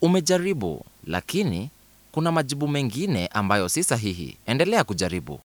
Umejaribu, lakini kuna majibu mengine ambayo si sahihi. Endelea kujaribu.